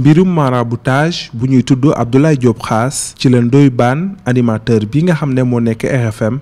mbirum maraboutage bu ñuy tudd Abdoulaye Diop xaas ci la doy baan animateur bi nga xam ne moo nekk RFM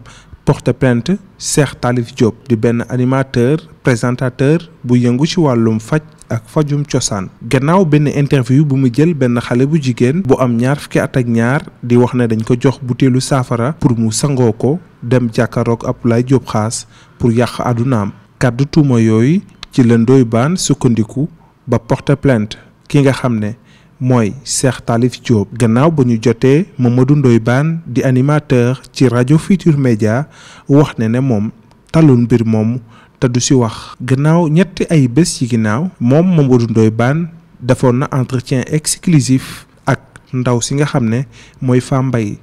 porte plainte Cheikh Talif Diop di benn animateur présentateur bu yëngu ci wàllum faj ak fajum cosaan gannaaw benn interview bu mu jël benn xale bu jigéen bu am ñaar fukki at ak ñaar di wax ne dañ ko jox butéelu saafara pour mu sangoo ko dem jàkkaaroog Abdoulaye Diop xaas pour yàq àddunaam kàddu tuuma yooyu ci la doy baan sukkandiku ba porte plainte ki nga xam ne mooy Cheikh Talif Diop gannaaw ba ñu jotee Mamadou Ndoye Bane di animateur ci rajo Futur Média wax ne ne moom talul mbir moomu te du si wax. gannaaw ñetti ay bés ci ginnaaw moom Mamadou Ndoye Bane defoon na entretien exclusif ak ndaw si nga xam ne mooy Fambaye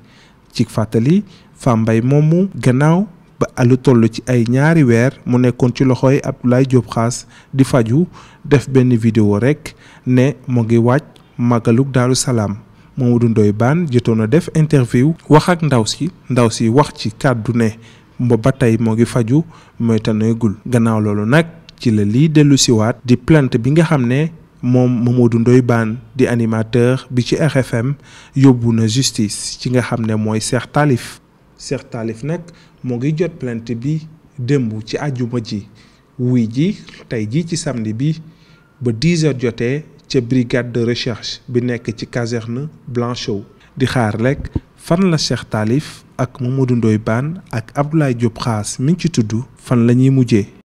ci fàttali Fambaye moomu gannaaw. ba lu toll ci ay ñaari weer mu nekkoon ci loxoy Abdoulaye jóob Khass di faju def benn vidéo rek ne mu ngi waaj magalug daalu Salaam Mamadou Ndoye Bane jotoon def interview wax ak ndaw si ndaw si wax ci kàddu ne ba tey moo ngi faju mooy taneegul gannaaw loolu nag ci la lii dellu siwaat di plant bi nga xam ne moom Mamadou Ndoye Bane di animateur bi ci RFM yóbbu na justice ci nga xam ne mooy Cheikh taalif Cheikh Talif nag moo ngi jot plainte bi démb ci àjjuma ji wuy ji tey ji ci samedi bi ba 10 heures jotee ca brigade de recherche bi nekk ci caserne Blanchot di xaar rek fan la Cheikh taalif ak Mamadou Ndoye Bane ak Abdoulaye Diop Khass mi ngi ci tudd fan la ñuy mujjee